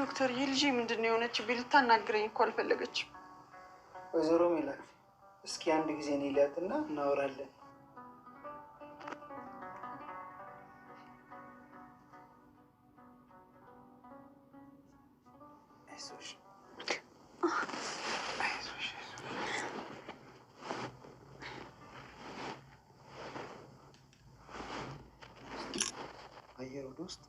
ዶክተር የልጅ ምንድን ነው የሆነች? ልታናግረኝ እኮ አልፈለገችም። ወይዘሮ ሜላት እስኪ አንድ ጊዜ እኔ ሊያትና እናወራለን። አየሩ ውስጥ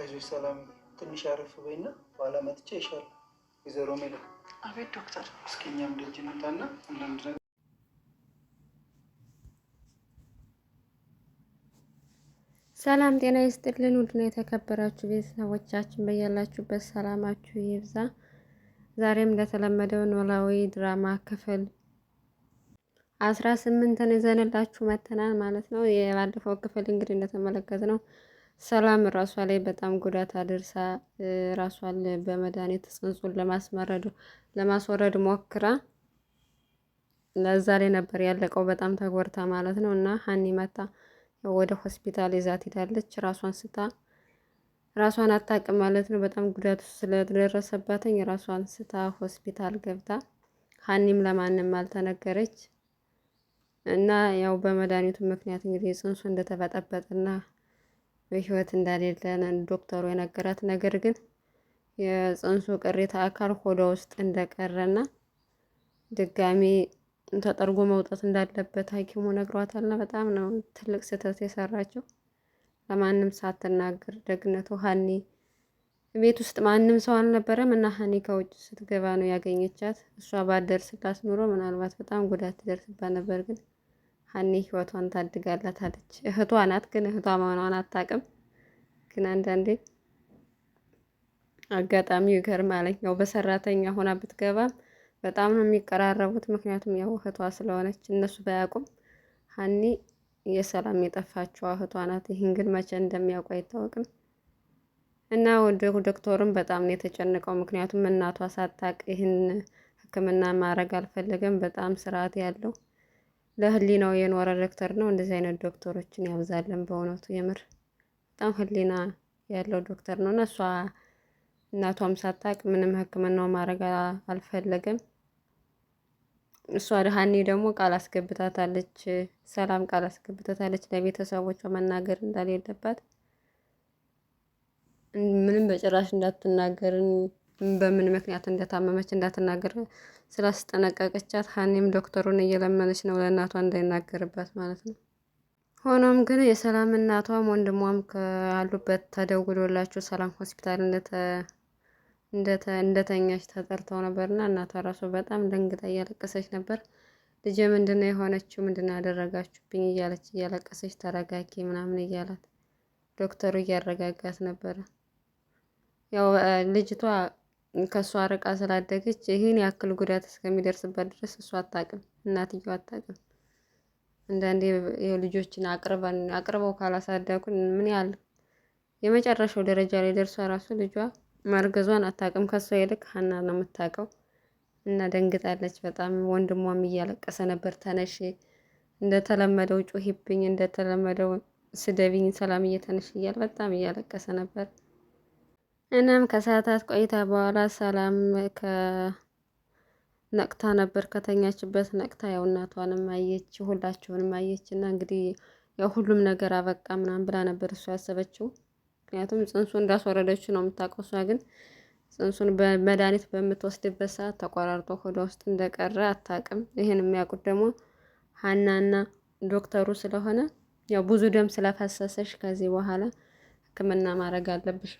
አይዞሽ ሰላም፣ ትንሽ አረፍ በይና በኋላ መጥቼ ይሻላል። ወይዘሮ ሜላ። አቤት ዶክተር። እስኪ እኛም ደጅ እንውጣና አንዳንድ ነገር ሰላም ጤና ይስጥልን። ውድና የተከበራችሁ ቤተሰቦቻችን በያላችሁበት ሰላማችሁ ይብዛ። ዛሬም እንደተለመደው ኖላዊ ድራማ ክፍል አስራ ስምንትን ይዘንላችሁ መተናል ማለት ነው። የባለፈው ክፍል እንግዲህ እንደተመለከት ነው ሰላም ራሷ ላይ በጣም ጉዳት አድርሳ ራሷን በመድኃኒት ጽንሱን ለማስመረዱ ለማስወረድ ሞክራ ለዛ ላይ ነበር ያለቀው። በጣም ተጎርታ ማለት ነው። እና ሀኒ መታ ወደ ሆስፒታል ይዛት ሄዳለች። ራሷን ስታ ራሷን አታውቅም ማለት ነው። በጣም ጉዳቱ ስለደረሰባትኝ ራሷን ስታ ሆስፒታል ገብታ ሀኒም ለማንም አልተነገረች። እና ያው በመድኃኒቱ ምክንያት እንግዲህ ጽንሱ እንደተበጠበጠና በህይወት እንዳሌለ ዶክተሩ የነገራት፣ ነገር ግን የጽንሱ ቅሪተ አካል ሆዷ ውስጥ እንደቀረና ድጋሚ ተጠርጎ መውጣት እንዳለበት ሐኪሙ ነግሯታልና በጣም ነው ትልቅ ስህተት የሰራችው። ለማንም ሳትናገር ደግነቱ ሀኒ ቤት ውስጥ ማንም ሰው አልነበረም እና ሀኒ ከውጭ ስትገባ ነው ያገኘቻት። እሷ ባትደርስላት ኑሮ ምናልባት በጣም ጉዳት ትደርስባት ነበር ግን ሀኒ ህይወቷን ታድጋላታለች። እህቷ ናት፣ ግን እህቷ መሆኗን አታውቅም። ግን አንዳንዴ አጋጣሚው ይገርማል። ያው በሰራተኛ ሆና ብትገባም በጣም ነው የሚቀራረቡት። ምክንያቱም ያው እህቷ ስለሆነች እነሱ ባያውቁም ሀኒ የሰላም የጠፋችው እህቷ ናት። ይህን ግን መቼ እንደሚያውቁ አይታወቅም። እና ዶክተሩም በጣም ነው የተጨነቀው። ምክንያቱም እናቷ ሳታቅ ይህን ሕክምና ማድረግ አልፈለገም። በጣም ስርዓት ያለው ለህሊናው የኖረ ዶክተር ነው። እንደዚህ አይነት ዶክተሮችን ያብዛለን። በእውነቱ የምር በጣም ህሊና ያለው ዶክተር ነው እና እሷ እናቷም ሳታቅ ምንም ህክምናው ማድረግ አልፈለገም። እሷ ድሃኔ ደግሞ ቃል አስገብታታለች፣ ሰላም ቃል አስገብታታለች ለቤተሰቦቿ መናገር እንዳሌለባት ምንም በጭራሽ እንዳትናገርን በምን ምክንያት እንደታመመች እንዳትናገር ስላስጠነቀቀቻት ሀኒም ዶክተሩን እየለመነች ነው ለእናቷ እንዳይናገርባት ማለት ነው። ሆኖም ግን የሰላም እናቷም ወንድሟም ካሉበት ተደውሎላቸው ሰላም ሆስፒታል እንደተኛች ተጠርተው ነበርና እናቷ ራሱ በጣም ደንግጣ እያለቀሰች ነበር። ልጅ ምንድነው የሆነችው? ምንድን ያደረጋችሁብኝ? እያለች እያለቀሰች ተረጋጊ ምናምን እያላት ዶክተሩ እያረጋጋት ነበረ። ያው ልጅቷ ከእሷ ርቃ ስላደገች ይህን ያክል ጉዳት እስከሚደርስበት ድረስ እሷ አታውቅም፣ እናትየው አታውቅም። አንዳንዴ ልጆችን አቅርበን አቅርበው ካላሳደጉን ምን ያህል የመጨረሻው ደረጃ ላይ ደርሷ ራሱ ልጇ መርገዟን አታውቅም። ከእሷ ይልቅ ሀና ነው የምታውቀው። እና ደንግጣለች በጣም። ወንድሟም እያለቀሰ ነበር። ተነሽ እንደተለመደው ጩሂብኝ፣ እንደተለመደው ስደቢኝ፣ ሰላም እየተነሽ እያለ በጣም እያለቀሰ ነበር። እናም ከሰዓታት ቆይታ በኋላ ሰላም ነቅታ ነበር ከተኛችበት ነቅታ ያው እናቷንም አየች ሁላችሁንም አየች እና እንግዲህ ያው ሁሉም ነገር አበቃ ምናምን ብላ ነበር እሱ ያሰበችው። ምክንያቱም ጽንሱ እንዳስወረደችው ነው የምታውቀው። እሷ ግን ጽንሱን በመድኃኒት በምትወስድበት ሰዓት ተቆራርጦ ሆዷ ውስጥ እንደቀረ አታውቅም። ይህን የሚያውቁት ደግሞ ሀናና ዶክተሩ ስለሆነ ያው ብዙ ደም ስለፈሰሰሽ ከዚህ በኋላ ህክምና ማድረግ አለብሽ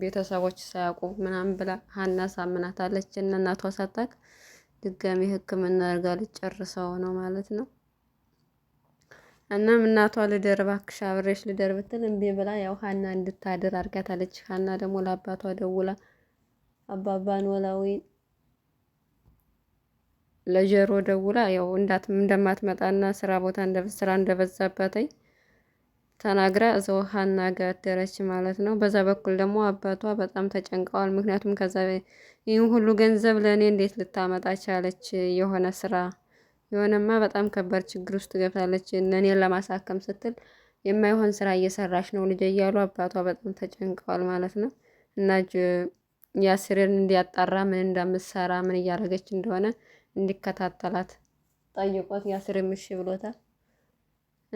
ቤተሰቦች ሳያውቁ ምናምን ብላ ሀና ሳምናታለች። እና እናቷ ሳታክ ድጋሚ ሕክምና አድርጋ ልጨርሰው ነው ማለት ነው። እናም እናቷ ልደር እባክሽ አብሬሽ ልደር ብትል እምቢ ብላ ያው ሀና እንድታድር አድርጋታለች። ሀና ደግሞ ለአባቷ ደውላ አባባን ኖላዊ ለጀሮ ደውላ ያው እንዳት እንደማትመጣና ስራ ቦታ ስራ እንደበዛባትኝ ተናግራ እዛው ሀና ጋ አደረች ማለት ነው። በዛ በኩል ደግሞ አባቷ በጣም ተጨንቀዋል። ምክንያቱም ከዛ ይህ ሁሉ ገንዘብ ለእኔ እንዴት ልታመጣ ቻለች? የሆነ ስራ የሆነማ በጣም ከባድ ችግር ውስጥ ገብታለች። እኔን ለማሳከም ስትል የማይሆን ስራ እየሰራች ነው ልጅ እያሉ አባቷ በጣም ተጨንቀዋል ማለት ነው። እና ያስሬን እንዲያጣራ ምን እንደምትሰራ ምን እያደረገች እንደሆነ እንዲከታተላት ጠይቆት ያሲርም እሺ ብሎታል።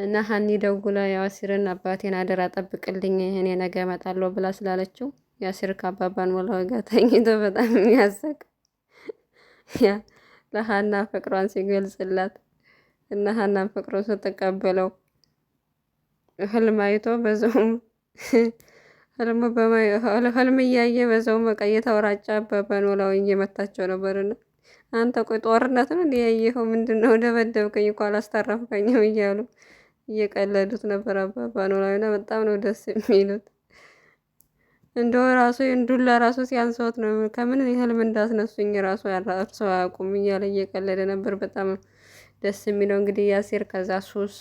እና ሀኒ ደውላ የአሲርን አባቴን አደራ ጠብቅልኝ እኔ ነገ እመጣለሁ ብላ ስላለችው የአሲር ከአባባን ኖላዊ ወጋ ተኝቶ በጣም የሚያሰቅ ያ ለሀና ፍቅሯን ሲገልጽላት እና ሀናን ፍቅሩን ስትቀበለው ህልም አይቶ በዛውም ህልሙ ህልም እያየ በዛውም በቃ እየተወራጨ አባባ ኖላዊ እየመታቸው ነበርና አንተ ቆይ ጦርነት ነው እንዲያየኸው ምንድን ነው ደበደብከኝ እኮ አላስተረፍከኝም እያሉ እየቀለዱት ነበር አባባ ኖላዊና በጣም ነው ደስ የሚሉት። እንደው ራሱ እንዱላ ራሱ ሲያንሰውት ነው ከምን ህልም እንዳስነሱኝ ራሱ እርሰው አያውቁም እያለ እየቀለደ ነበር። በጣም ደስ የሚለው እንግዲህ ያሴር ከዛ ሱስ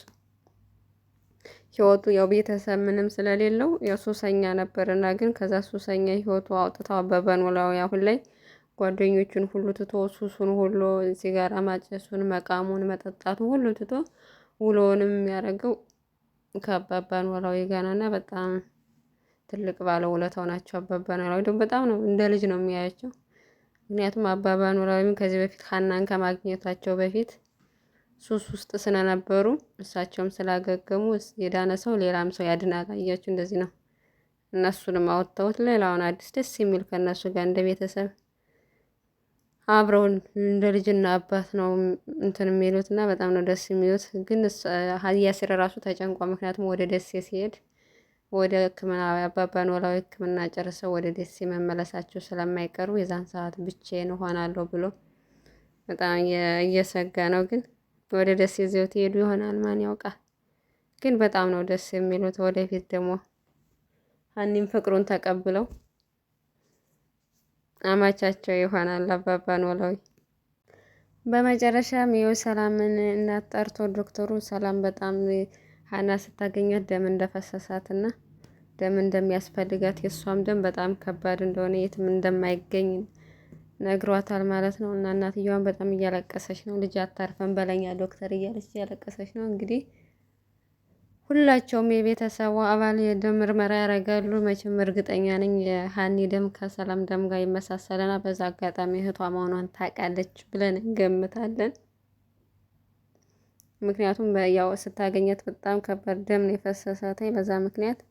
ህይወቱ ያው ቤተሰብ ምንም ስለሌለው ያው ሱሰኛ ነበርና ግን ከዛ ሱሰኛ ህይወቱ አውጥታው አበበ ኖላዊ አሁን ላይ ጓደኞቹን ሁሉ ትቶ ሱሱን ሁሉ ሲጋራ ማጨሱን፣ መቃሙን፣ መጠጣቱን ሁሉ ትቶ ውሎውንም የሚያደርገው ከአባባ ኖላዊ ጋር ነው እና በጣም ትልቅ ባለ ውለታው ናቸው። አባባ ኖላዊ ደግሞ በጣም ነው እንደ ልጅ ነው የሚያያቸው። ምክንያቱም አባባ ኖላዊም ከዚህ በፊት ሀናን ከማግኘታቸው በፊት ሱስ ውስጥ ስለነበሩ እሳቸውም ስላገገሙ የዳነ ሰው ሌላም ሰው ያድናል። አያችሁ እንደዚህ ነው። እነሱንም አወጥተውት ሌላውን አዲስ ደስ የሚል ከእነሱ ጋር እንደ ቤተሰብ አብረውን እንደ ልጅና አባት ነው እንትን የሚሉት እና በጣም ነው ደስ የሚሉት። ግን ያሲር ራሱ ተጨንቋ፣ ምክንያቱም ወደ ደሴ ሲሄድ ወደ ሕክምና አባባ ኖላዊ ሕክምና ጨርሰው ወደ ደሴ መመለሳቸው ስለማይቀሩ የዛን ሰዓት ብቻዬን እሆናለሁ ብሎ በጣም እየሰጋ ነው። ግን ወደ ደሴ ይዘውት ትሄዱ ይሆናል ማን ያውቃል። ግን በጣም ነው ደስ የሚሉት። ወደፊት ደግሞ አኒም ፍቅሩን ተቀብለው አማቻቸው ይሆናል አባባ ኖላዊ። በመጨረሻም ይኸው ሰላምን እናት ጠርቶ ዶክተሩ ሰላም በጣም ሀና ስታገኛት ደም እንደፈሰሳት እና ደም እንደሚያስፈልጋት የእሷም ደም በጣም ከባድ እንደሆነ የትም እንደማይገኝ ነግሯታል ማለት ነው። እና እናትየዋን በጣም እያለቀሰች ነው። ልጅ አታርፈን በለኛ ዶክተር እያለች እያለቀሰች ነው እንግዲህ ሁላቸውም የቤተሰቡ አባል የደም ምርመራ ያደርጋሉ። መቼም እርግጠኛ ነኝ የሀኒ ደም ከሰላም ደም ጋር ይመሳሰልና በዛ አጋጣሚ እህቷ መሆኗን ታውቃለች ብለን እንገምታለን። ምክንያቱም ያው ስታገኘት በጣም ከባድ ደም ነው በዛ ምክንያት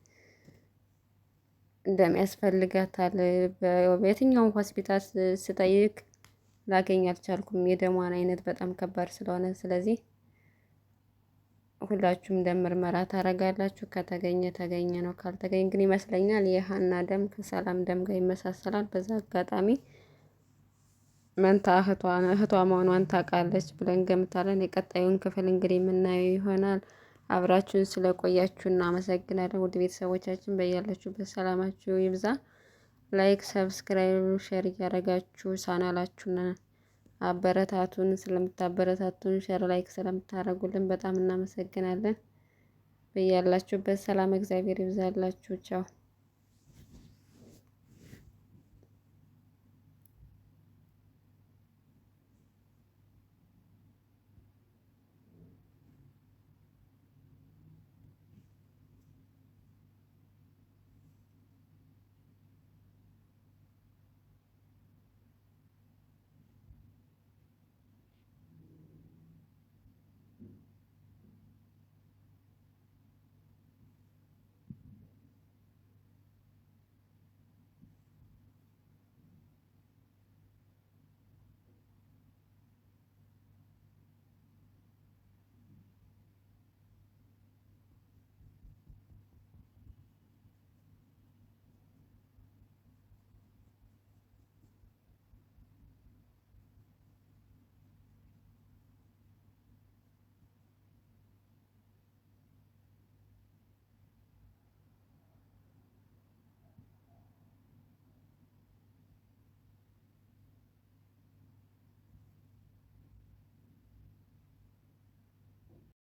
ደም ያስፈልጋታል። በየትኛውም ሆስፒታል ስጠይቅ ላገኝ አልቻልኩም የደሟን አይነት በጣም ከባድ ስለሆነ ስለዚህ ሁላችሁም ደም ምርመራ ታረጋላችሁ። ከተገኘ ተገኘ ነው፣ ካልተገኘ ግን ይመስለኛል የሀና ደም ከሰላም ደም ጋር ይመሳሰላል። በዛ አጋጣሚ መንታ እህቷ መሆኗን ታውቃለች ብለን ገምታለን። የቀጣዩን ክፍል እንግዲህ የምናየው ይሆናል። አብራችሁን ስለቆያችሁ እናመሰግናለን። ውድ ቤተሰቦቻችን በያላችሁበት ሰላማችሁ ይብዛ። ላይክ፣ ሰብስክራይብ፣ ሼር እያደረጋችሁ ሳናላችሁን አበረታቱን ስለምታበረታቱን ሸር ላይክ ስለምታደርጉልን በጣም እናመሰግናለን። በያላችሁበት ሰላም እግዚአብሔር ይብዛላችሁ። ቻው